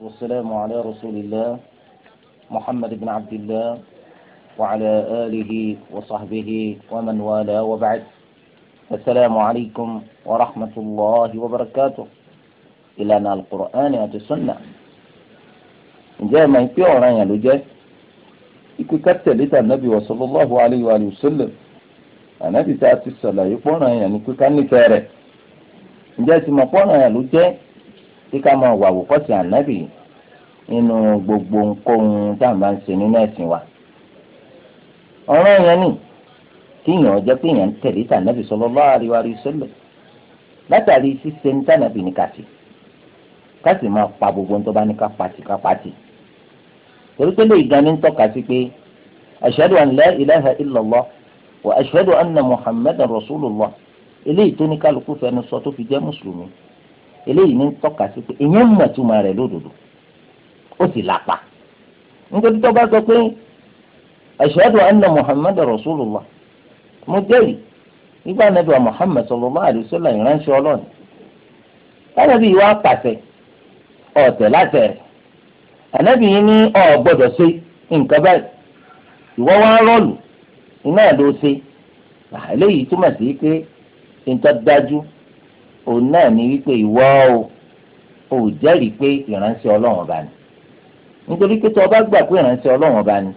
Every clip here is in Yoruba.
والسلام على رسول الله محمد بن عبد الله وعلى آله وصحبه ومن والاه وبعد السلام عليكم ورحمة الله وبركاته إلى أن القرآن والسنة جاء ما يبيع رأي لجاء يكون كتل النبي صلى الله عليه وآله وسلم أنا في ساعة الصلاة يقول رأي يعني كان نفارة جاء ما يقول رأي tí ká máa wà wòkọ́sí ànábì nínú gbogbo nǹkóhun tá à ń ń ṣe nínú ẹ̀sìn wa. ọ̀rọ̀ yẹn ni kí èèyàn jẹ́ pé èèyàn ń tẹ̀lé tànàbì sallallahu alaihi wasallam látàrí ṣíṣe ní tànàbì ní kàṣì kàṣì máa pa gbogbo tó bá ní ká pàtì ká pàtì. torí pé lè gan ní ń tọ́ka sí pé ashhadu an la ilaha illallah wa ashhadu anna muhammadan rasulullah eléyìí tó ní kálukú fẹnu sọ tó fi jẹ́ mùsùlùmí eléyìí ní tọ́ka sí pé ìyẹn mọ̀ túmọ̀ rẹ̀ lódodo ó sì lápa nítorí tó bá sọ pé ashhadu anna muhammadu rasulullah mo jẹ́rìí nígbà nàbí wa muhammad sallallahu alaihi ìránṣẹ́ ọlọ́run tánàbí yìí pàṣẹ ọ̀tẹ̀ láti rẹ̀ yìí ní ọ̀ ṣe nǹkan báyìí ìwọ wá rọ́ọ̀lù iná ẹ̀ ló ṣe eléyìí òun náà ní wípé ìwọ ò jẹ́rìí pé ìránṣẹ́ ọlọ́run ọba ni nítorí pé tí ọba gbà pé ìránṣẹ́ ọlọ́run ọba ni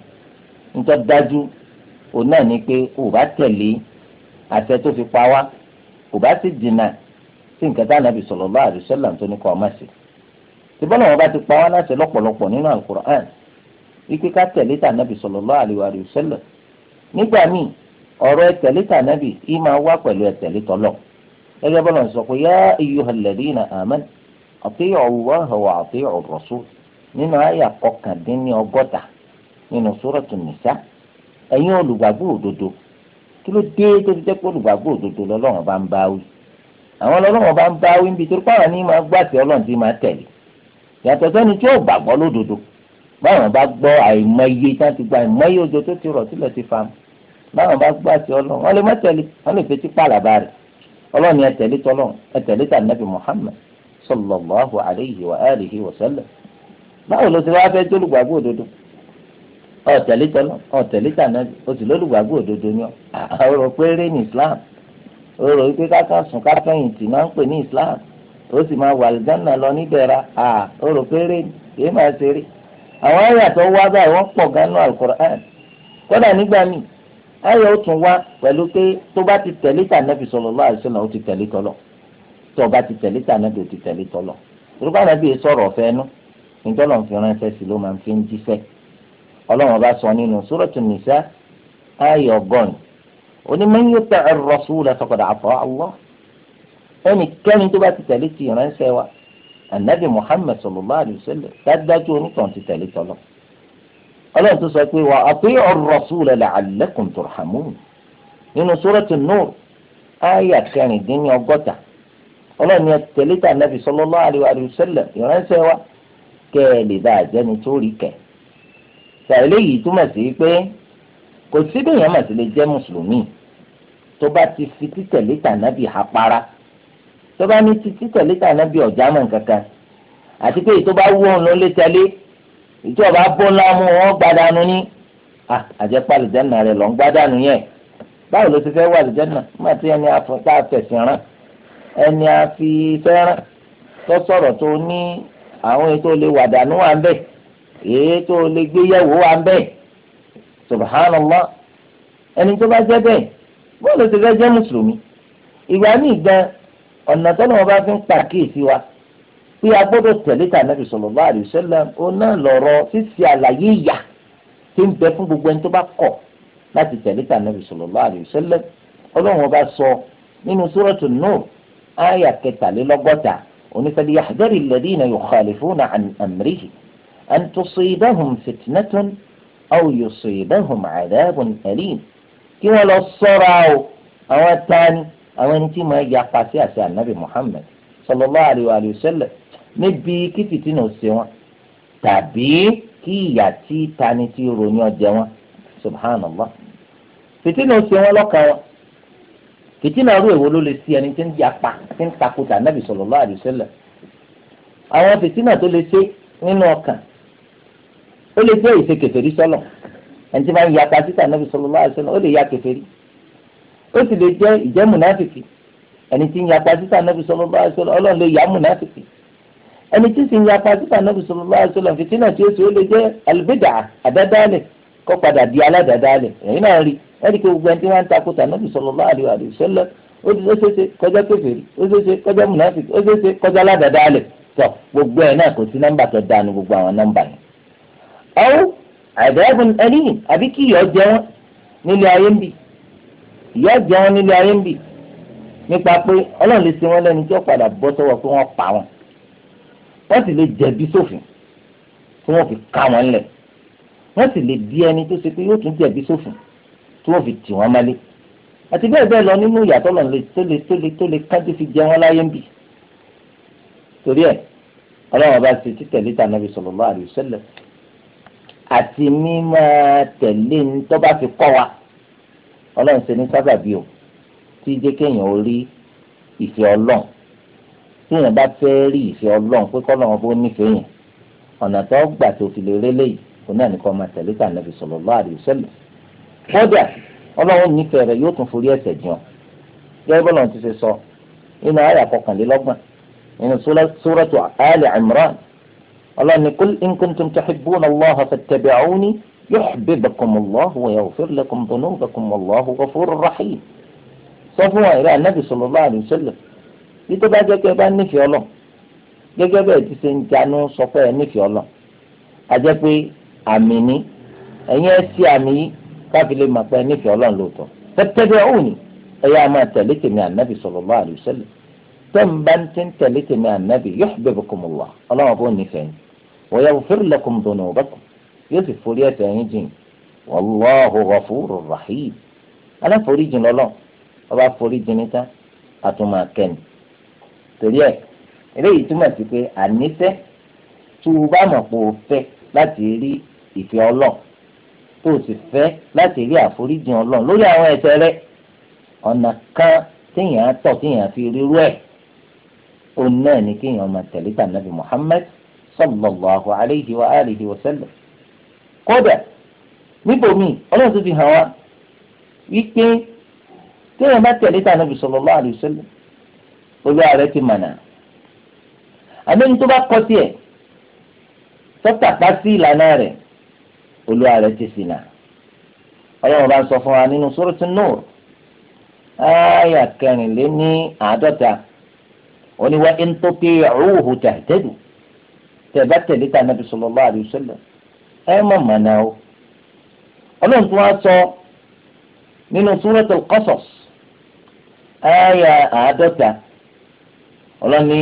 nítorí dájú òun náà ní pé ò bá tẹ̀lé àṣẹ tó fi pa wá ò bá sì dènà sí nǹkan tá ànábì sallallahu alaihi wasallam tó ní kọ́ ọmọ sí tìbọ́n àwọn ọba ti pa wá láṣẹ lọ́pọ̀lọpọ̀ nínú Al-Qur'an wípé ká tẹ̀lé tà ànábì sallallahu alaihi wasallam nígbà míì ọ̀rọ̀ ẹ̀tẹ̀lé tà ànábì yìí máa wá pẹ̀lú ẹ̀tẹ̀lé tọ́lọ́ọ̀ gẹ́gẹ́ bọ́lá sọ pé yá ayyuhal ladina amanu ati'u Allaha wa ati'u ar-rasul nínú àyà kọkàndínní ọgọ́ta nínú suratul nisa ẹ̀yin olùgbàgbọ́ òdodo kí ló dé tó ti jẹ́ pé olùgbàgbọ́ òdodo lọ́lọ́run bá ń báwí àwọn lọ́lọ́run bá ń báwí níbi torí pààrọ̀ ní máa gbà tí ọlọ́run ti máa tẹ̀lé yàtọ̀ sẹ́ni tí yóò gbàgbọ́ lódodo báwọn bá gbọ́ àìmọye tí wọ́n ti gba àìmọye ojo tó rọ̀ sílẹ̀ ti fa báwọn bá gbà tí ọlọ́run wọ́n lè má wọ́n lè fetí pàlàbà rẹ̀ ọlọ́ni ẹ tẹ̀lé tọ́lọ́n ẹ tẹ̀lé tà nàbì Muhammad sallallahu alayhi wa alihi wa sallam báwo ló ti wá fẹ́ ọ tà o sì òdodo ni ọ ní Islam ọ̀rọ̀ wípé káká sùn káfẹ́yìntì máa ń pè ní Islam O sì máa wà lọ máa ṣeré àwọn wá báyìí wọ́n pọ̀ nígbà ayé ó tún wá pẹ̀lú pé tó bá ti tẹ̀lé tà nẹ́bì sallallahu alaihi wasallam ó ti tẹ̀lé tọ́lọ̀ tó bá ti tẹ̀lé tà nẹ́bì ó ti tẹ̀lé tọ́lọ̀ yorùbá nàbí sọ̀rọ̀ ọ̀fẹ́ nú nítorí òun fi ránṣẹ́ sí ló máa ń fi ń jíṣẹ́ ọlọ́run ọba sọ nínú suratul nisa ayé ọgọ́rin oní man yuti'ir rasula faqad ọlọ́run tó sọ pé wà á pé ar-rasula la'allakum turhamun nínú suratu nur ayà kẹrìndínlẹ́ ọgọ́ta ọlọ́run ni tẹ̀lé tà nàbì sallallahu alaihi wa sallam ìránṣẹ́ wa kẹ́ ẹ lè bá àjẹni tó rí kẹ́ ṣà eléyìí túmọ̀ sí pé kò síbẹ̀ yẹn mà sí lè jẹ́ mùsùlùmí tó bá ti fi títẹ̀lé nàbì hapara tó bá ní títẹ̀lé tà nàbì ọ̀já ìjọba bó ńlá mú wọn gbadanu ní àjẹpá àlùjáná rẹ lọ ń gbádànù yẹn báwo ló ti fẹ́ wà àlùjáná má ti ẹni tá a fẹ̀sìn rán ẹni a fi fẹ́ràn tó sọ̀rọ̀ tó ní àwọn ètò lè wà dànù wà ń bẹ̀ èyí lè gbé yẹ̀wò wà ń bẹ̀ subhanallah ẹni tó bá jẹ́ bẹ́ẹ̀ báwo ló ti fẹ́ jẹ́ mùsùlùmí ìgbà míì gan ọ̀nà tó lọ́wọ́ bá fi ń pàkíyèsí wa pé a gbọ́dọ̀ tẹ̀lé tànàbì sallallahu alaihi wasallam òun náà lọ̀rọ̀ ṣíṣe àlàyé ìyà tí ń bẹ fún gbogbo ẹni tó bá kọ̀ láti tẹ̀lé tànàbì sallallahu alaihi wasallam ọlọ́run ọba sọ nínú suratu Nur àyà kẹtàlélọ́gọ́ta onífẹ́lẹ́yàhdẹ́rì alladhina yukhalifuna an amrihi an tusibahum fitnatun aw yusibahum adhabun alim kí wọ́n lọ sọ́ra o àwọn tani àwọn ẹni tí máa yapa sí àṣẹ ànábì Muhammad sallallahu alaihi wa sallam níbi kí fìtínà ṣe wọn tàbí kí ìyà tí tani tí ronyìn ọjẹ wọn subhanallah fìtínà ṣe wọn lọ́kàn wọn fìtínà rú èwo ló lè sí ẹni tí ń di apá tí ń takùtà nábì sallallahu alaihi wasallam àwọn fìtínà tó lè ṣe nínú ọkàn ó lè jẹ́ ìṣe kèfèrí sọ́lọ̀ ẹni tí máa ń yàtà títà nábì sallallahu alaihi ó lè ya kèfèrí ó sì lè jẹ́ ìjẹ́ mùnáfìkì ẹni tí ń yàtà títà nábì sallallahu alaihi wasallam lè yà mùnáfìkì ẹni tí sì ń yapa sí sànàbì sallallahu alaihi wasallam fìtínà tí ó sì ó lè jẹ́ àlùbídà àdádálẹ̀ kó padà di aládàádálẹ̀ ẹ̀yin náà rí ẹni pé gbogbo ẹni tí wọ́n ń takò sànàbì sallallahu alaihi wasallam ó ti ó ṣeéṣe kọjá kèfèrí ó ṣeéṣe kọjá mùnàfíkì ó ṣeéṣe kọjá aládàádálẹ̀ tọ gbogbo ẹ̀ náà kò sí nọ́mbà tó dànù gbogbo àwọn nọ́mbà yẹn. ọ̀hún àdàbùn ẹlẹ́yìn àbí kí ìyọ́ jẹ wọ́n nílé ayé ń bì ìyọ́ jẹ wọ́n nílé ayé ń bì nípa pé ọlọ́run lè ṣe wọ́n lẹ́ni tí ó padà bọ́ sọ́wọ́ pé wọ́n pa wọn wọ́n sì lè jẹ̀bi sófin tí wọ́n fi ká wọn lẹ̀ wọ́n sì lè di ẹni tó ṣe pé yóò tún jẹ̀bi sófin tí wọ́n fi tì wọ́n mọ́lé àti bẹ́ẹ̀ bẹ́ẹ̀ lọ nínú ìyàtọ̀ lọ tó lè tó lè tó lè kájú fi jẹ wọn láyé ń bì torí ẹ̀ ọlọ́run bá ṣe títẹ̀lé ta nàbì sallallahu alaihi wasallam àti mímọ́ tẹ̀lé tó bá fi kọ́ wa ọlọ́run ṣe ní sábàbí o tí jẹ́ kéèyàn ó ìfẹ́ ọlọ́run tí èèyàn bá fẹ́ rí ìfẹ́ ọlọ́run pé kọ́ lọ́wọ́ bó nífẹ̀ẹ́ yẹn ọ̀nà tó gbà tó fi lè rélé yìí kò náà nìkan máa tẹ̀lé tà nàbì sallallahu alaihi wasallam kódà ọlọ́run nífẹ̀ẹ́ rẹ̀ yóò tún forí ẹ̀ṣẹ̀ jìn ọ́ gẹ́gẹ́ bọ́lá ti ṣe sọ nínú àyà kọkànlélọ́gbọ̀n nínú suratu Ali Imran ọlọ́run ní qul in kuntum tuhibbuna Allaha fattabi'uni bí tó bá jẹ́ pé ẹ bá nífẹ̀ẹ́ ọlọ́ gẹ́gẹ́ bẹ́ẹ̀ ti ṣe ń janú sọ pé ẹ nífẹ̀ẹ́ ọlọ́ a jẹ́ pé àmì ní ẹ̀yin ẹ sí àmì yìí káfí lè mọ̀ pé ẹ nífẹ̀ẹ́ ọlọ́ lóòótọ́ tẹ́tẹ́bẹ́ òun ni ẹ yá máa tẹ̀lé tèmi ànábì sallallahu alaihi wasallam tẹ́ ń ti ń tẹ̀lé tèmi ànábì yuhbibkumullah ọlọ́run bó nífẹ̀ẹ́ yín wa yaghfir lakum forí ẹ̀ṣẹ̀ yín àtúmọ̀ akẹ́ni torí ẹ̀ eléyìí túmọ̀ sí pé ànífẹ́ tó o bá mọ̀ pé o fẹ́ láti rí ìfẹ́ ọlọ́ọ̀ tó o sì fẹ́ láti rí àforíjì ọlọ́ọ̀ lórí àwọn ẹ̀ṣẹ̀ rẹ ọ̀nà kan téèyàn á tọ̀ téèyàn fi rírú ẹ̀ òun náà ni kéèyàn máa tẹ̀lé tànàbí Muhammad sallallahu alayhi wa alihi wa sallam kódà níbòmíì ọlọ́run tó fi hàn wá wípé téèyàn bá tẹ̀lé tànàbí sallallahu alayhi wa olúwa rẹ ti mọ̀nà àmẹ́ni tó bá kọ́ tiẹ̀ sọ́tàpá sí ìlànà rẹ̀ olúwa rẹ ti ṣìnà ọlọ́run bá ń sọ fún wa nínú sóròtú Nur ayà kẹrìnléní àádọ́ta oníwà ẹ̀ńtọ́pẹ́ ọ̀hún tàdẹ́dù tẹ̀bá tẹ̀lé ta nàbì sallallahu alaihi wasallam ẹ mọ̀ mọ̀nà o ọlọ́run tó wá sọ nínú sóròtú Qasas ayà àádọ́ta ọlọ́ni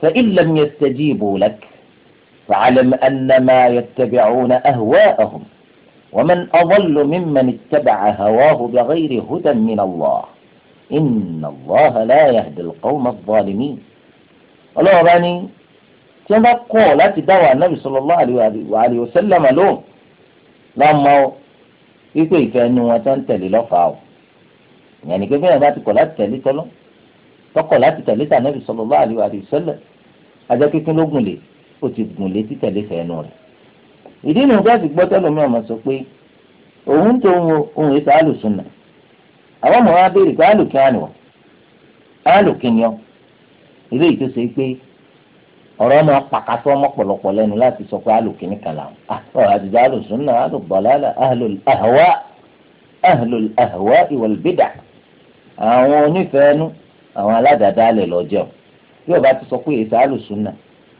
fa illam yastajibu lak fa'alam annama yattabi'una ahwa'ahum wa man adallu mimman ittaba'a hawahu bighayri hudan min Allah inna Allah la yahdi al-qawma adh-dhalimin ọlọ́wọ́ bá ní tí wọ́n bá kọ̀ láti dá wa Ànábì sallallahu alaihi wa sallam lóhùn lọ́mọ tọkọ̀ láti tẹ̀lé tànàbì sallallahu alaihi wasallam ajẹ́ kíkún ló gùn lé ó ti gùn lé títẹ̀lé fẹ́ẹ́nu rẹ̀ ìdí nìyẹn bá ti gbọ́ tẹ́lómi ọmọ sọ pé òun tó ń ohun ètò àlùsùnà àwọn ọmọ wa béèrè pé àlùkí àná àlùkínyàn ilé yìí tó ṣe pé ọ̀rọ̀ ọmọ pàkàtó ọmọ pọ̀lọpọ̀ lẹ́nu láti sọ pé àlùkíní kan làwọn àtọ̀ àdìdá àlùsùnà àlùbọ̀lálà àhlùl ahwa ìwọ̀lùbídà àwọn onífẹ̀ẹ́nu àwọn aládàáda lè lọ bí bá ti sọ pé èsì àlùsùnà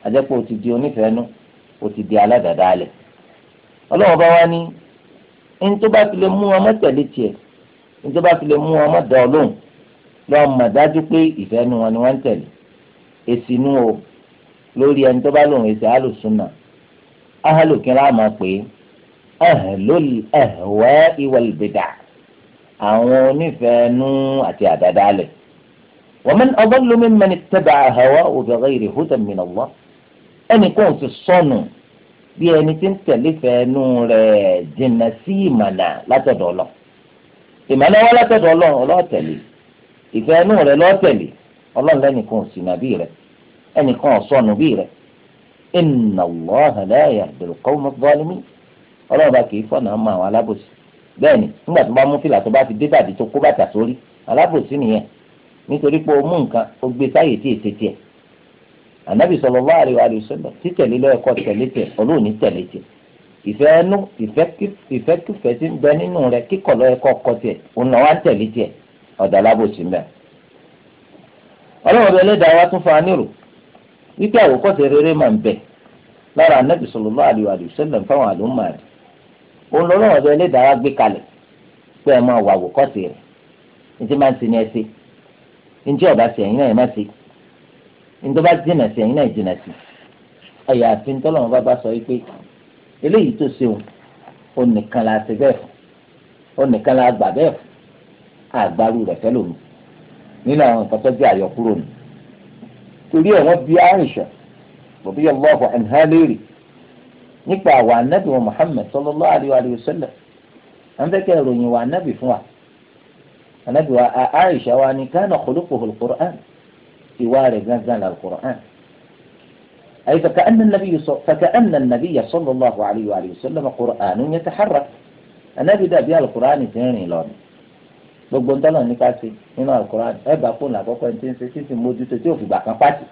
àjẹpọ̀ ti di o ti bá wá ní ní tó lè mú ọmọ tẹ̀lé tiẹ̀ tó lè mú ọmọ dọ̀ lóhùn lọ́ọ́ mọ̀ dájú pé ìfẹ́nu wọn ni wọ́n o lórí ẹni tó bá lòun èsì àlùsùnà ahàlùkín ومن أضل ممن اتبع هواه بغير هدى من الله ẹnì kan ti sọnù bí ẹni tí ń tẹ̀lé fẹ́ẹ́nu rẹ̀ jìnnà sí ìmọ̀nà látọ̀dọ̀ ọlọ ìmọ̀nà wọn látọ̀dọ̀ ọlọ ọlọ́tẹ̀lé ìfẹ́ẹ́nu rẹ̀ lọ́tẹ̀lé ọlọ́run lẹ́nì kan sì nà bí rẹ̀ ẹnì kan sọnù bí rẹ̀ inna Allaha la yahdil qawma adh-dhalimin ọlọ́run bá kì í fọ̀nà ọmọ àwọn alábòsí bẹ́ẹ̀ ni nígbà tó bá mú fìlà tó bá ti dé bàdí tó kó bàtà sórí alábòsí nìyẹn nítorí pé o mú nǹkan o gbé sáyè tí anabi tiẹ̀ ànábì sallallahu alaihi wasallam títẹ̀lé lọ́ọ̀kọ́ tẹ̀lé tẹ̀ ife tẹ̀lé tẹ̀ ẹnu ti ń bẹ nínú rẹ kíkọ̀ lọ́ọ̀kọ́ kọ́ tiẹ̀ òun ń ọlọ́run wa tún fa nírò wípé rere máa ń bẹ lára ànábì sallallahu alaihi wasallam fáwọn àlùmọ́ rẹ̀ òun lọ́lọ́run wa gbé kalẹ̀ pé njẹ́ ọba sí ẹ̀yin náà ẹ̀ má ṣe njẹ́ ọba jìnà sí ẹ̀yin náà ẹ̀ jìnà sí ọ̀yà àfi ntọ́lọ́mọ bá bá sọ wípé eléyìí tó ṣe òun onìkan la ṣe bẹ́ẹ̀ fún onìkan la gbà bẹ́ẹ̀ fún àgbàrú rẹ̀ fẹ́ lòun nínú àwọn nǹkan tó jẹ́ àyọkúrò nù torí ẹ̀ wọ́n bí àrìṣà bòbí ọlọ́ọ̀bù ẹ̀ǹhà léèrè nípa àwọn anábì wọn Muhammad sallallahu alaihi wa sallam àwọn fẹ́ kẹ́ ìròyìn wọn anábì fún wa anabi wa aisha wa ni kana khuluquhu al-Qur'an ìwà rẹ̀ gángan al-Qur'an أي فكأن النبي فكأن النبي صلى الله عليه وآله وسلم قرآن يتحرك النبي ده بيا القرآن ثاني لون gbogbo ń tọ́lọ̀ ní ká sí nínú alukoran ẹ bá fóònù àkọ́kọ́ ẹni tí ń ṣe títí mójútó tí ò fi gbà kan pàtì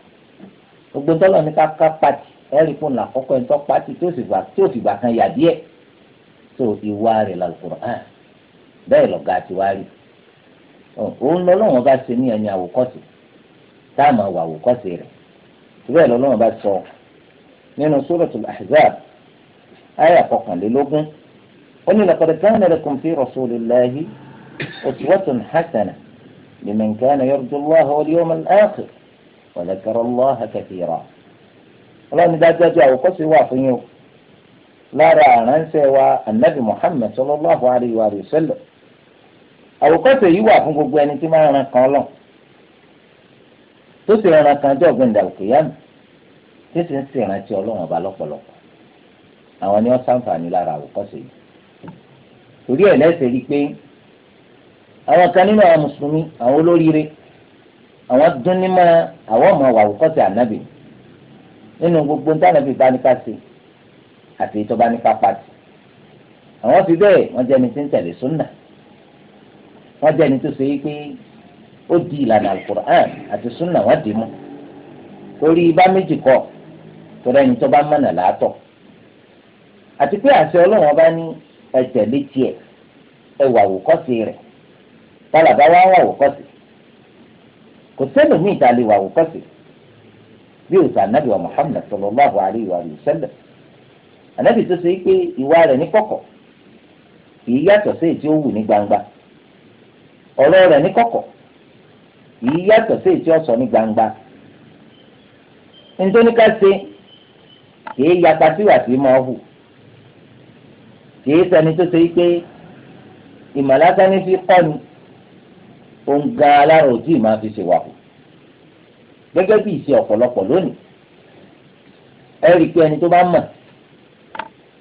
gbogbo ń tọ́lọ̀ ní ká ká pàtì ẹ fóònù àkọ́kọ́ ẹni tó pàtì tí ò fi gbà kan yà díẹ̀ tó ìwà rẹ̀ lalukoran bẹ́ẹ̀ lọ́gà tiwárì òun lọ́lọ́wọ́n bá ṣe ní ẹni àwòkọ́sì táàmù àwọn àwòkọ́sì rẹ̀ síbẹ̀ lọ́lọ́wọ́n bá sọ nínú suratul ahzab ayé àkọkànlélógún ó ní laqad kana lakum fi rasulillahi uswatun hasanah liman kana yarju allaha wal yawmal akhir wa dhakara allaha kathira ọlọ́ni dájúdájú àwòkọ́sì wà fún yín o lára àránṣẹ́ wa annabi muhammad sallallahu alayhi wa sallam àwòkọ́ṣe yìí wà fún gbogbo ẹni tí máa ran kan lọ tó sì ran kan jọ gbẹ̀ndà òkèèyàn tí sì ń sì rántí ọlọ́run ọba lọ́pọ̀lọpọ̀ àwọn ni wọ́n sàǹfààní lára àwòkọ́ṣe yìí torí ẹ̀ lẹ́sẹ̀ rí i pé àwọn kan nínú àwọn mùsùlùmí àwọn olóríire àwọn dún ní àwọn ọmọ wà àwòkọ́ṣe ànábì nínú gbogbo ntànàbì bá ní ṣe àti ìtọ́ bá ní ká àwọn fi bẹ́ẹ̀ wọ́n wọ́n jẹ́ ẹni tó ṣe yí pé ó di ìlànà alukur'an àti sunna wọ́n dì mú torí bá méjì kọ́ torí ẹni tó bá mọ̀nà láàtọ̀ àti pé àṣẹ ọlọ́run ọba ní ẹ̀jẹ̀ létí ẹ̀ rẹ̀ tálàbá wà kò sẹ́nu ní ìtàlẹ̀ wà bí wa ìwà rẹ̀ ní kọ̀kọ̀ kì ọ̀rọ̀ rẹ̀ ní kọ̀kọ̀ yìí yàtọ̀ sí ètí ọ̀sọ̀ ní gbangba nítorí ká ṣe kìí yapa síwà sí máa hù kìí sẹni tó ṣe pé ìmọ̀lásá ní fi kọ́ ni òun gan alára òtí máa fi ṣèwà hù gẹ́gẹ́ bí ìṣe ọ̀pọ̀lọpọ̀ lónìí ẹ rí i pé ẹni tó bá mọ̀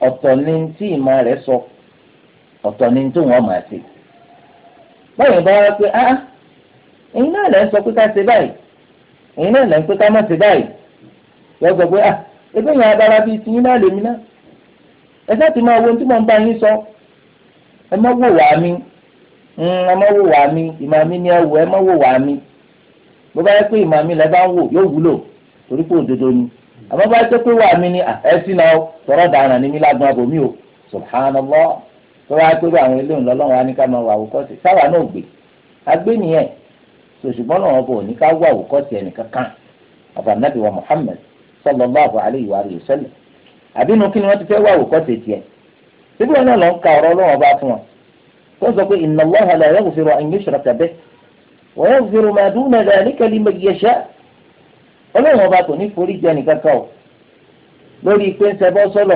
ọ̀tọ̀ ni tí ìmọ̀ rẹ̀ sọ ọ̀tọ̀ ni tó wọ́n máa ṣe. báyìí bá wá pé ah, ah náà ń sọ pé ká ṣe báyìí ẹ̀yin náà lẹ́ ń pé ká má ṣe báyìí yọ sọ pé ah ebi yẹn agbára bíi tiyín náà lèmi náà ti máa wo ohun tí mo ń bá yín sọ ẹ má wò wá mi hmm, ẹ má wò wá mi ìmọ̀ bá yẹ pé ìmọ̀ mi bá ń wò yóò bá yẹ pé wà ah, mí ni ẹ náà dànù ní mi o subhanallah. tó wá pé àwọn eléyìí lọ́lọ́run á ní ká máa wà àwòkọ́sí sáwà náà gbé agbé nìyẹn sòṣùgbọ́n náà wọn kò ní ká wà àwòkọ́sí ẹnìkankan àfànàbí wa Muhammad sallallahu alayhi wa sallam àbínú kí ni wọ́n ti fẹ́ wà àwòkọ́sí tiẹ̀ síbí wọn náà lọ ń ka ọ̀rọ̀ ọlọ́wọ́n bá fún wọn kó sọ pé inna Allaha la yaghfiru an yushraka bihi wa yaghfiru ma duna dhalika kò ní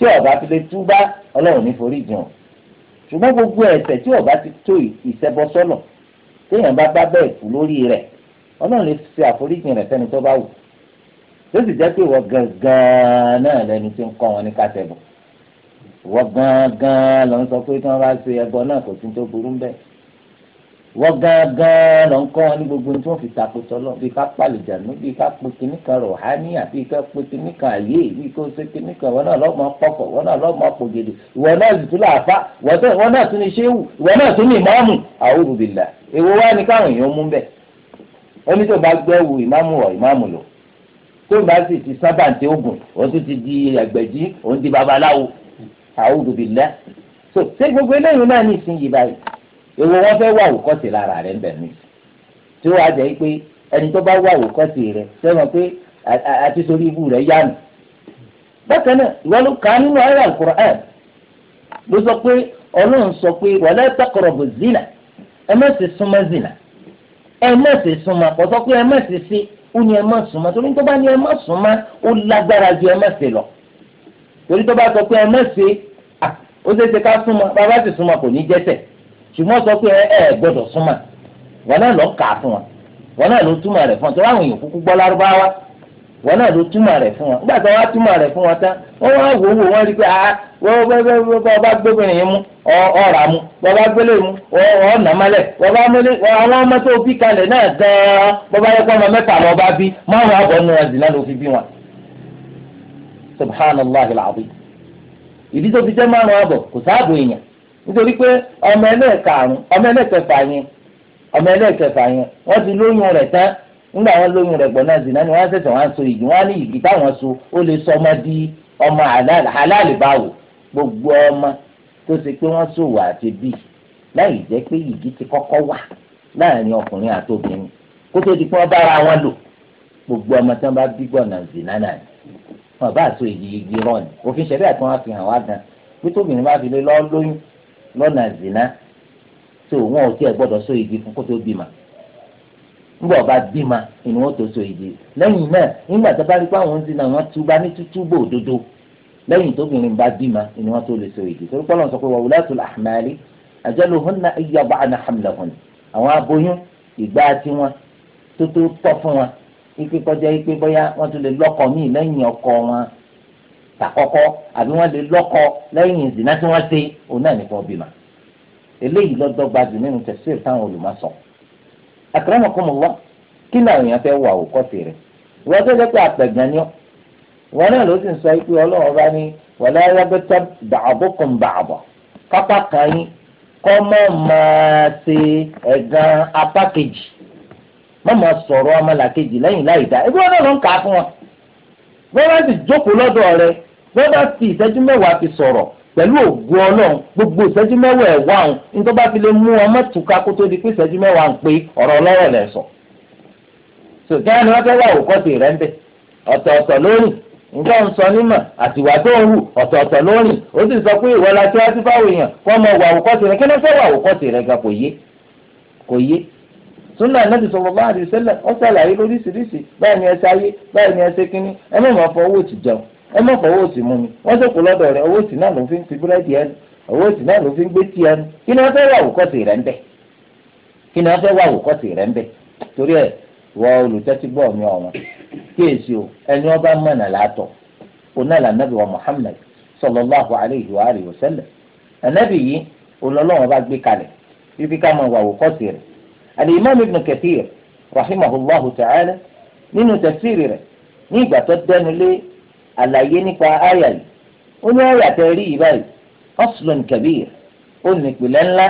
tí ọba ti lè túbá ọlọ́run ní forí jìn ṣùgbọ́n gbogbo ẹ̀ṣẹ̀ tí ọba ti tó ìṣẹ́bọsọ́nà téèyàn bá bá bẹ́ẹ̀ kú lórí rẹ̀ ọlọ́run lè ṣe àforíjìn rẹ̀ fẹ́ni tó bá wù tó sì jẹ́ pé ìwọ gangan náà lẹni tí ń kọ́ wọn ní kásẹ̀bọ̀ ìwọ gangan ló sọ pé tí wọ́n bá ṣe ẹbọ náà kò sí tó burú bẹ́ẹ̀ wọ́n gángan lọ ń kọ́ wọn ní gbogbo tí wọ́n fi takòtò lọ bí ká pàlùjà ní bí ká pe kínní kan rọ̀ hání àbí ká pe kínní kan àyè bí kó ṣe kínní kan wọn náà lọ́mọ pọ̀pọ̀ wọn náà lọ́mọ pògèdè ìwọ náà sì tún làáfà wọn náà tún ní ṣéwù ìwọ náà tún ní ìmáàmù a'udhu billah èwo wá ní káwọn èèyàn mú bẹ́ẹ̀ ó ní tó bá gbẹ́wò ìmáàmù wọ ìmáàmù lọ tó bá sì ti sábàǹtì ogun ó tún ti di àgbẹ̀dì ó ń di babaláwo a'udhu billah so ṣé gbogbo eléyìí náà ní ìsinyìí báyìí èwo wọn fẹ́ wá àwòkọ́sì lára rẹ̀ ńbẹ̀ mi tí ó wá jẹ́ pé ẹni tó bá wá àwòkọ́sì rẹ̀ sẹ́wọ̀n pé àti sórí ibú rẹ̀ yánu bákan náà ìwọ ló kà á nínú ayé al-Qur'an ló sọ pé ọlọ́run sọ pé wala taqrabu zina ẹ má ṣe súnmọ́ zina ẹ má ṣe súnmọ́ kò sọ pé ẹ má ṣe ṣe ó ní ẹ má súnmọ́ torí tó bá ní ẹ má súnmọ́ ó lágbára ju ẹ má ṣe lọ torí tó bá sọ pé ẹ má ṣe ó ṣe ká súnmọ́ bàbá sì súnmọ́ kò ní jẹ́sẹ̀ ṣùgbọ́n sọ pé ẹ ẹ gbọ́dọ̀ súnmọ́ wọn náà lọ kà á fún wọn wọn náà ló túmọ̀ rẹ̀ fún wọn tó láwọn èèyàn kúkú gbọ́ lárúbáwá wọn náà ló túmọ̀ rẹ̀ fún wọn nígbà tí wọ́n á túmọ̀ rẹ̀ fún wọn tán wọ́n wá wò wò wọ́n rí pé ah wọ́n bá gbẹ́bìnrin yìí mú ọ̀rà mú wọ́n bá gbélé mú ọ̀nà mọ́lẹ̀ wọ́n bá mọ́lẹ̀ àwọn ọmọ tó bí kalẹ̀ náà gan-an wọ́n bá yẹ kó ọmọ mẹ́ta lọ bá bí márùn-ún àbọ̀ nù wọn zìnnà ló fi bí wọn. subhanallah alazim ìdí tó fi jẹ́ márùn-ún àbọ̀ kò sáàbò èèyàn nítorí pé ọmọ ẹlẹ́ẹ̀karùn-ún ọmọ ẹlẹ́ẹ̀kẹfà yẹn ọmọ ẹlẹ́ẹ̀kẹfà yẹn wọ́n ti lóyún rẹ̀ tán nígbà wọn lóyún rẹ̀ gbọ́n náà zìnnà ni wọ́n ṣẹ̀ṣẹ̀ wọn so ìgbì wọn ní ìgbì táwọn so ó lè sọ ọmọ di ọmọ aláàlì báwò gbogbo ọmọ tó ṣe pé wọ́n sòwò àti bíi láì jẹ́ pé ìgbì ti kọ́kọ́ wà láàrin ọkùnrin àti kó tó di pé wọ́n bára wọn lò gbogbo ọmọ tí wọ́n bá bí gbọ́n náà zìnnà náà ni wọ́n bá so ìgbì igi rọ̀ ni òfin ṣẹ̀rí àti wọn fi hàn wá gan pé tóbìnrin bá fi lé lọ́ lóyún lọ́nà zina tó wọn ò tiẹ̀ gbọ́dọ̀ so igi fún kó tó bímọ nígbà ọba bímọ ni wọn tó so igi lẹ́yìn náà nígbà tó bá rí pé àwọn ń zina wọn túbá ní tútú bò òdodo lẹ́yìn tóbìnrin bá bímọ ni wọn tó lè so igi torí pọ́lọ́n sọ pé wàhùn látò àmàlí ajaluhunna ìyàbọ̀ àná hamlahun àwọn aboyún ìgbà tiwọn tó tó tọ́ fún wọn ikú kọjá ikú bóyá wọn tó lè lọ́kọ míì lẹ́yìn ọkọ wọn tàkọ́kọ́ àbí wọ́n lè lọ́kọ lẹ́yìn zina tí wọ́n ṣe òun náà nìkan bímọ eléyìí lọ́dọ́gba jù nínú tẹ̀síìr táwọn olùmọ̀sọ. àkàràmọ̀kọ́mọ̀wá kí làwọn èèyàn fẹ́ wà òkọ́ sí rẹ̀ wọ́n tó dẹ́pẹ́ àpẹ̀gànníọ́ wọn náà ló sì ń sọ pé ọlọ́run bá ní wàlá yàgbẹ́tọ́ bàbùkùn bàbọ̀ kápá kan yín kọ́ mọ́ máa ṣe ẹ̀gàn apá kejì mọ́ máa sọ̀rọ̀ ọmọlàkejì lẹ́yìn láì dá ẹgbẹ́ wọn náà ló ń kà á fún wọn bẹ́ẹ̀ wọ́n sì jókòó lọ́dọ̀ rẹ̀ bọ́dà fi ìṣẹ́jú mẹ́wàá fi sọ̀rọ̀ pẹ̀lú ògo ọlọ́run gbogbo ìṣẹ́jú mẹ́wàá ẹ̀ wá òun ní tó bá fi lè mú ọmọ tùka kó tó di pé ìṣẹ́jú mẹ́wàá ń pe ọ̀rọ̀ ọlọ́rọ̀ lẹ̀ sọ. sòkè ni wọ́n fẹ́ wá òkọ́sì rẹ̀ ń bẹ̀ ọ̀tọ̀ọ̀tọ̀ lónìí nǹkan ń sọ nímọ̀ àtiwà tó ń hù ọ̀tọ̀ọ̀tọ̀ lónìí ó sì sọ pé ìwọ la tí wá sí fáwọn èèyàn kó ọmọ wà òkọ́sì lóríṣiríṣi báyìí ni ẹ ṣe ayé báyìí ni ẹ ṣe kínní ẹ mọ̀ mọ́ fọ owó ti jẹun ẹ mọ̀ pé owó òsì mú mi wọ́n sọ̀kò lọ́dọ̀ rẹ̀ owó òsì náà ló fi ń fi búrẹ́dì ẹnu owó òsì náà ló fi ń gbé tí ẹnu kí ni wọ́n fẹ́ wà òkọ́sì rẹ̀ ń bẹ̀ kí ni wọ́n fẹ́ wà òkọ́sì rẹ̀ ń bẹ̀ torí ẹ̀ wọ olùtẹ́tígbọ́ mi ọ̀wọ́n kíyèsí o ẹni wọn bá mọ̀nà látọ̀ onáàlà nàbì wa Muhammad sallallahu alayhi wa alihi wa sallam ànábì yìí olólùwọ̀n bá gbé kalẹ̀ fífi ká máa wà òkọ́sì rẹ̀ al-Imam Ibn Kathir rahimahullahu ta'ala nínú tafsiri rẹ̀ ní ìgbà tó dẹnu lé àlàyé nípa àyà yìí ó ní àyà tẹ rí yìí báyìí ọ̀sùlùm kabir ó ní ìpìlẹ̀ ńlá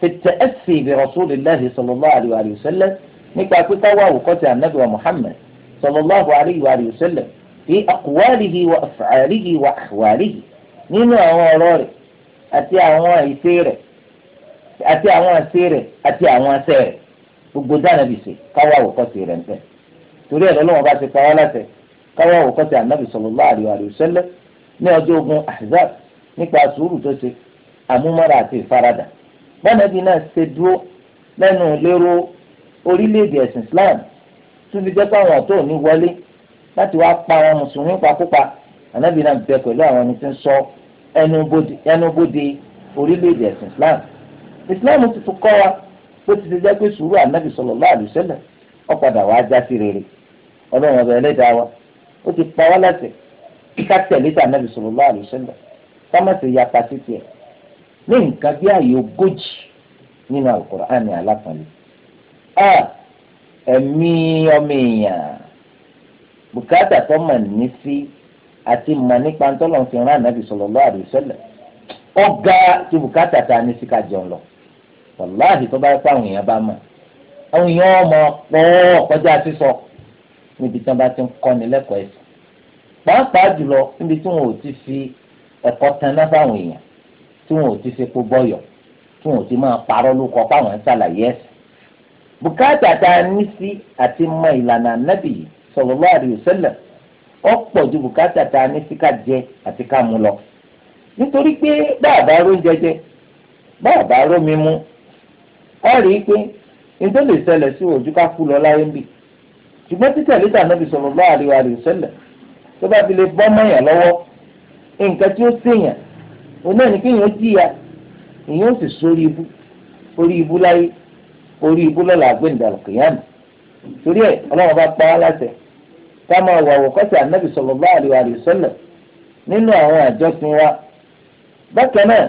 fìtẹ̀ ẹ̀sìn bi rasulillahi sallallahu alayhi wa sallam nípa pípa wà wòkọ́tì ànábì wa muhammed sallallahu alayhi wa sallam fi aqwalihi wa af'alihi wa ahwalihi nínú àwọn ọ̀rọ̀ rẹ̀ àti àwọn ìṣe rẹ̀ àti àwọn àṣe rẹ̀ àti àwọn àṣẹ rẹ̀ gbogbo dáná káwá òkọ́tẹ̀ ànábì sallallahu alaihi wa sallam ní ọjọ́ ogun Ahzab nípa sùúrù tó ṣe àmúmọ́ra àti ìfaradà bánàbí náà ṣe dúró lẹ́nu lérò orílẹ̀-èdè ẹ̀sìn Islam tún fi jẹ́ káwọn tó ní wọlé láti wá pa àwọn mùsùlùmí pakópa ànábì náà bẹ pẹ̀lú àwọn ẹni tí ń sọ ẹnubodè orílẹ̀-èdè ẹ̀sìn Islam Islam ti tún kọ́ wa bó ti ṣe jẹ́ pé sùúrù ànábì sallallahu alaihi wa sallam padà wá já sí rere ọlọ́run ọba ẹlẹ́dàá wa ó ti pa wá láti kíkà tẹ̀lé tà nàbì sallallahu alaihi wasallam kámẹ́sì ya pàṣẹ tiẹ̀ ní nǹkan bí ààyè ogójì nínú Al-Qur'ani alápọ̀nlé a ẹ̀mí ọmọ èèyàn bùkátà tó mọ̀ ní sí àti mọ̀ nípa ntọ́lọ́n fi rán nàbì sallallahu alaihi wasallam ọ̀gá ti bùkátà tá a ní sí ká jẹun lọ wàláhì tó bá yẹ àwọn èèyàn bá mọ̀ àwọn èèyàn ọmọ pọ̀ kọjá sísọ. So níbi tí wọ́n bá ti ń kọ́ni lẹ́kọ̀ọ́ ẹ̀sìn pàápàá jùlọ níbi tí wọn ò ti fi ẹ̀kọ́ taná fáwọn èèyàn tí wọn ò ti fi epo bọ́yọ̀ tí wọn ò ti máa parọ́ lóko fáwọn ń ṣàlàyé ẹ̀sìn bùkátà tá a ní sí àti mọ ìlànà ànábì yìí sallallahu alaihi wasallam ó pọ̀ ju bùkátà tá a ní sí ká jẹ àti ká mu lọ nítorí pé báàbá ró ń jẹjẹ báàbá ró mi mú ọ rí i pé nítorí ìṣẹ̀lẹ̀ sí òjú ká kú lọ láyé ń bì ṣùgbọ́n títẹ̀lé tànàbí sallallahu alaihi wasallam tó bá fi lè bọ́ mọ́yàn lọ́wọ́ nǹkan tí ó ṣèyàn òun náà ní kí èèyàn jìyà èèyàn ó sì sórí ibú orí ibú láyé orí ibú lọ́la àgbéǹdàlù kìyàmù torí ẹ̀ ọlọ́run bá pa á láṣẹ ká máa wà wọ̀kọ́sí ànábì sallallahu alaihi wasallam nínú àwọn àjọsìn wa bákan náà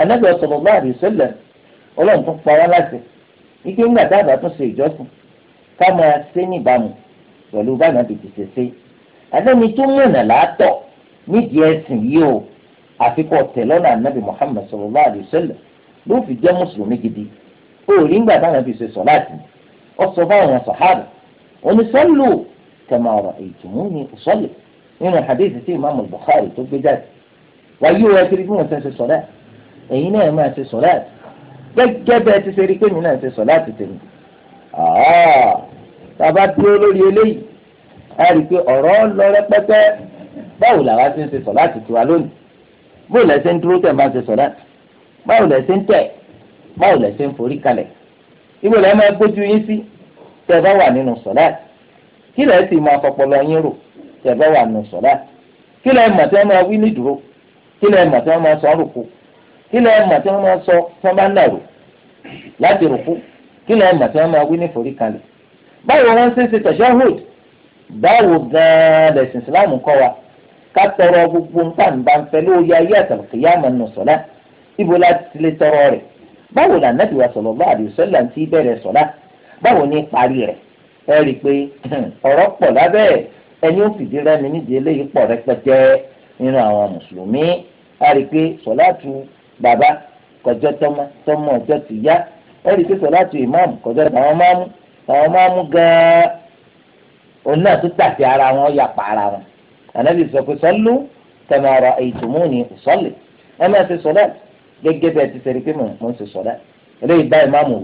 ànábì sallallahu alaihi wasallam ọlọ́run tún pa wá láṣẹ ike ńgbà tá a ṣe ìjọsìn ká máa ṣe níbàámu pẹ̀lú bá nàbì ti ṣe ṣe àdéhùn tó mọ̀nà látọ̀ nídìí ẹ̀sìn yìí o àfikọ́ tẹ̀lọ́nà ànábì Muhammad sallallahu alaihi wasallam ló fi jẹ́ mùsùlùmí gidi ó rí ńgbà táwọn fi ṣe sọ láti ọ sọ fáwọn sàhábà onísọ́lù kama ra'aytumuni usalli nínú hadith tí imaamu Bukhari tó gbé jáde wáyé o ẹtiri bí wọn ṣe ṣe sọ̀rọ̀ ẹ̀yin náà máa ṣe sọ̀rọ̀ gẹ́gẹ́ bẹ́ẹ̀ ti ṣe rí pé mi náà ṣe sọ̀rọ̀ àti tèmi bàbá ah, dúró lórí eléyìí a rí i pé ọ̀rọ̀ lọ rẹpẹtẹ báwo làwa ti ń ṣe sọ láti tura lónìí báwo lẹ ṣe ń dúró tẹ̀ ń bá ṣe sọ láti báwo lẹ ṣe ń tẹ̀ báwo lẹ ṣe ń forí kalẹ̀ ibo lẹ máa gbójú yín sí tẹ bá wà nínú sọlá kí lẹ sì máa fọpọlọ yín rò tẹ bá wà nínú sọlá kí lẹ mọ̀ tí wọ́n máa wí ní dúró kí lẹ mọ̀ tí wọ́n máa sọ rùkú kí lẹ mọ̀ tí wọ́n máa sọ tí wọ́n bá ń dàrú láti rùkú kí lẹ́yìn màtí wọ́n máa wí ní forí kalẹ̀ báwo wọ́n ṣe ń ṣe tashahhud báwo gan-an lẹ̀sìn ìsìláàmù kọ́ wa ká tọrọ gbogbo nǹkan bá ń fẹ́ lórí ayé àtàlùkìyàmọ̀ nù sọ́lá ibo la ti lè tọrọ rẹ̀ báwo la nàbì wa sallallahu alaihi wasallam ti bẹ̀rẹ̀ sọ́lá báwo ni parí rẹ̀ ẹ rí i pé hmm, ọ̀rọ̀ pọ̀ lábẹ́ ẹni ó fìdí rẹmi nídìí eléyìí pọ̀ rẹpẹtẹ nínú àwọn mùsùlùmí a rí i pé sọ́látù bàbá kọjọ́ tọ́mọ tọ́mọ ọjọ́ ti yá ẹ̀rí pé sọ̀láàtì ìmáàmù kọjá àwọn máàmù àwọn máàmù gan-an òun náà tó ara wọn yà pa ara wọn ànábì sọ pé sọ́lú máa ṣe gẹ́gẹ́ bẹ́ẹ̀ ti sẹ́rí pé mò ń ṣe eléyìí bá ìmáàmù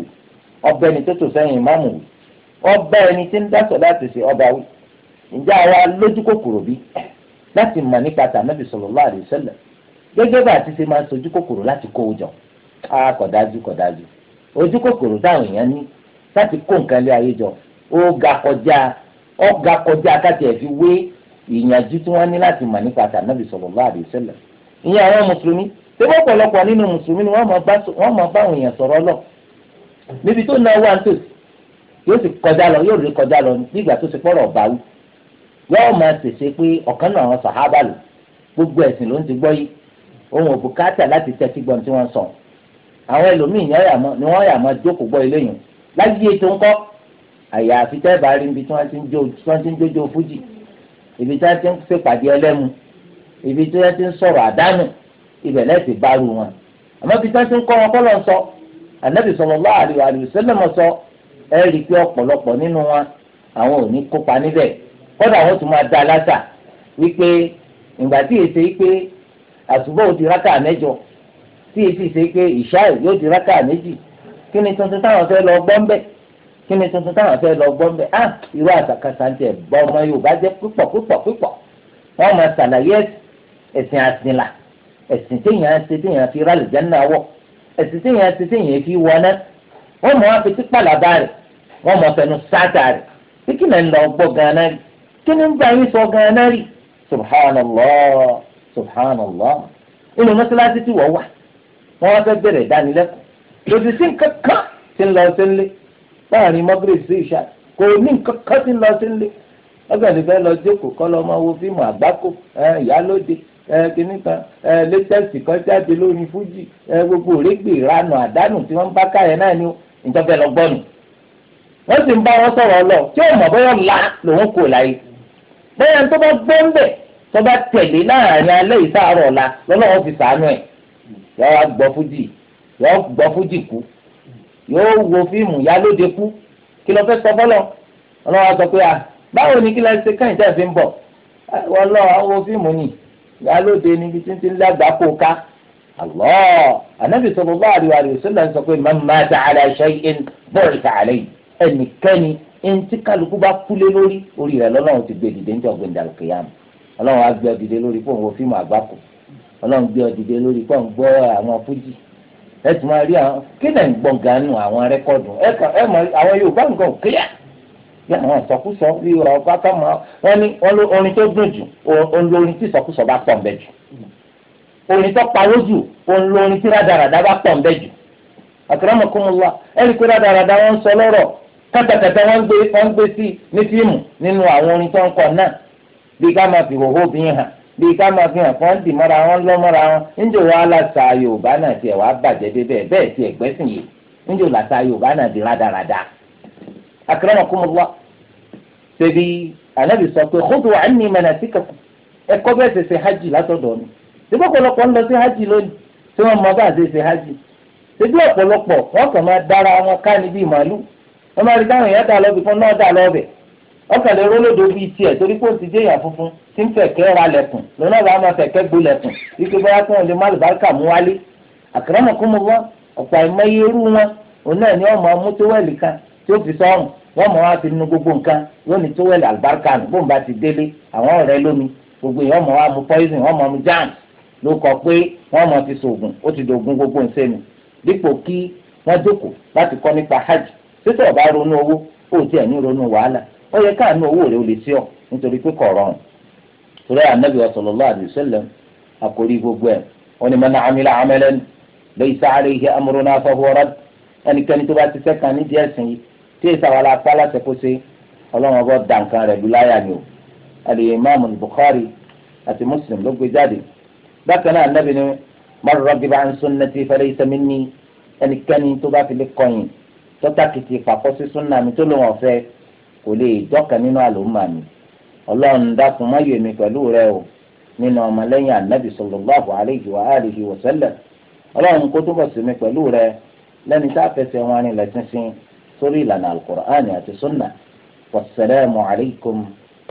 ọbẹ̀ ni tó sẹ́yìn ìmáàmù ọbẹ̀ ẹni tí ń dá ọba ǹjẹ́ àwa lójú kòkòrò bí láti mọ̀ nípa tànábì sallallahu gẹ́gẹ́ àti ṣe máa ojú kòkòrò táwọn èèyàn ní láti kó nǹkan lé ayé jọ ó ga kọjá ó ga kọjá káti ẹ̀ fi wé ìyànjú tí wọ́n ní láti mọ̀ nípa tànàbì sallallahu alaihi wasallam ìyẹn àwọn mùsùlùmí tẹ́wọ́ pọ̀lọpọ̀ nínú mùsùlùmí ni wọ́n mọ̀ báwọn èèyàn sọ̀rọ̀ lọ níbi tó náà wà nítòsí yóò sì kọjá lọ yóò rí kọjá lọ nígbà tó ti pọ̀rọ̀ báwí yóò máa tètè pé ọ̀kan náà àwọn sàhábà lò gbogbo ẹ̀sìn ló ń ti gbọ́ yìí ohun òbúkátà láti tẹ́tí gbọ́n tí wọ́n sọ̀rọ̀ àwọn ẹlòmíì ni wọ́n yà máa jókòó gbọ́ ilé yẹn lágbègbè tó ń kọ́ àyà àfitẹ́ bá rí ibi tí wọ́n ti ń jó tí wọ́n ti ń jójó fújì ibi tí wọ́n ti ń ṣèpàdé ẹlẹ́mu ibi tí wọ́n ti ń sọ̀rọ̀ àdánù ibẹ̀ lẹ́sìn bá rú wọn àmọ́ ibi tí wọ́n ti ń kọ́ wọn kọ́ lọ sọ ànábì sallallahu alaihi wasallam sọ ẹ rí i pé ọ̀pọ̀lọpọ̀ nínú wọn àwọn ò ní kópa níbẹ̀ kódà wọn tún máa da aláṣà wípé ìgbà tí èsè wípé àsùbọ̀ òdi rákà mẹ́jọ tí etí ṣe pé ìṣá yóò di rákà méjì kí ni tuntun táwọn fẹ́ lọ gbọ́n bẹ́ẹ̀ kí ni tuntun táwọn fẹ́ lọ gbọ́n bẹ́ẹ̀ á ah, irú àtàkàtà ń tẹ̀ bọ́ ọmọ Yorùbá jẹ́ púpọ̀ púpọ̀ púpọ̀ wọ́n máa ṣàlàyé ẹ̀sìn àsìnlà ẹ̀sìn téèyàn ṣe téèyàn fi rálẹ̀ jẹ́nà wọ̀ ẹ̀sìn téèyàn ṣe téèyàn fi wọná wọ́n mọ̀ wọ́n fi pípàlà bá rẹ̀ wọ́n mọ̀ fẹnu sáàtà rẹ̀ subhanallah subhanallah inú mọ́sálásí tí wọ́n wà wọ́n wá fẹ́ bẹ̀rẹ̀ ìdánilẹ́kọ̀ọ́ lòdì sí nǹkan kan ń lọ sí ń lé láàrin mọ́gírèsì sí ìṣá kò ní nǹkan kan ń lọ sí ń lé lọ jókòó wo fíìmù àgbákò ìyálóde kan kan jáde bá náà ni nǹkan wọn lọ tí la lòun kò láyé tó bá gbọ́ ń bẹ̀ tó bá tẹ̀lé yóò wá gbọ́ fújì yóò gbọ́ fújì kú yóò wo fíìmù yálóde kú kí ló fẹ́ sọ fọlọ́ ọlọ́wọ́ sọ pé à báwo ni kí lọ ṣe káyìn tẹ̀ fi ń bọ̀ ọlọ́ àwọn fíìmù ni yálóde níbi tí ń ti lágbàá kó ká àlọ́ ànábì sallallahu alaihi wasallam sọ pé man mata ala shay'in bu'itha alayhi ẹnikẹ́ni ẹni kálukú bá kúlé lórí orí rẹ̀ lọ́lọ́run ti gbé dìde ń jọ ọlọ́run á gbé ọ lórí fóun wo fíìmù àgbákò ọlọ́run gbé ọ dìde lórí pọ̀ ń gbọ́ àwọn fújì ẹ tún máa rí àwọn kí lẹ̀ ń gbọ́ ganu àwọn rẹ́kọ̀dù ẹ mọ àwọn yorùbá nǹkan kíá bí àwọn ìsọkúsọ bí ọba tó mọ wọn ní orin tó dùn jù olórin tí ìsọkúsọ bá pọ̀ nbẹ jù orin tó pawó jù olórin tí rádaràdá bá pọ̀ nbẹ jù àkàràmọ̀kọ́mọ́lá ẹni pé rádaràdá wọn ń sọ lọ́rọ̀ kátàkátà wọn gbé wọn gbé sí ní fíìmù nínú àwọn orin tó ń kọ náà bí ká fi hòhó bí hàn bí ká máa fi hàn fọ́ǹtì mọ́ra wọn lọ́ wọn níjò wá làṣà yorùbá náà tiẹ̀ wá bàjẹ́ dé bẹ́ẹ̀ bẹ́ẹ̀ tiẹ̀ gbẹ́sìn yìí níjò làṣà yorùbá náà di rádaràda. akramakumullah ṣebí ànábì sọ pé khudu anni manasikakum ẹ̀kọ́ bẹ́ẹ̀ ṣe ṣe hajj látọ̀dọ̀ mi ṣebí ọ̀pọ̀lọpọ̀ ń lọ sí hajj lónìí ṣebí ọ̀pọ̀lọpọ̀ wọ́n kàn máa dára wọn ká níbi wọ́n máa rí dáhùn ọkàlẹ̀ rólódò bíi tiẹ̀ torí pé ó ti jẹ́ èèyàn funfun tí ń fẹ̀kẹ́ ra lẹ̀kùn lọ́nà bá máa fẹ̀kẹ́ gbó lẹ̀kùn wípé bóyá tí wọ́n lè má lùbáríkà mú wálé àkàràmọ̀ kó mo wá ọ̀pọ̀ àìmọye irú wọn òun náà ni wọ́n máa mú tówẹ́lì kan tí ó fi sọ́run wọ́n máa wá fi nu gbogbo nǹkan lónìí tówẹ́lì àlùbáríkà nù bóun bá ti délé àwọn ọ̀rẹ́ lómi gbogbo èèyàn máa ó yẹ káàánú owó rẹ ó lè sí ọ nítorí pé kọ̀ rọrùn torí ànábì sallallahu alaihi wasallam àkórí gbogbo ẹ̀ wọn ni man amila amalan laysa alayhi amruna fahuwa radd ẹnikẹ́ni tó bá ti sẹ́kàn ní díẹ̀ sìn yìí tí èsì àwọn alápá láti kó sí ọlọ́run ọba dànkan rẹ̀ lù láyà ni o al-imam al-bukhari àti muslim ló gbé jáde bákan náà ànábì ni man raghiba an sunnati falaysa minni ẹnikẹ́ni tó bá fi lè kọ̀yìn tọ́tàkìtì pàkọ́sí súnà mi tó lóun ọ̀fẹ́ kò lè jọ́kan nínú àlòmà mi ọlọ́run dákun má yọ èmi pẹ̀lú rẹ o nínú ọmọlẹ́yìn anabi sallallahu alayhi wa alihi wa sallam ọlọ́run kó túbọ̀ sí mi pẹ̀lú rẹ lẹ́ni tá a fẹsẹ̀ wọn ni lẹ́sìnsìn sórí ìlànà alukur'ani àti sunna wasalaamu alaykum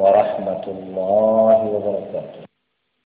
wa rahmatulahi wa barakatuh.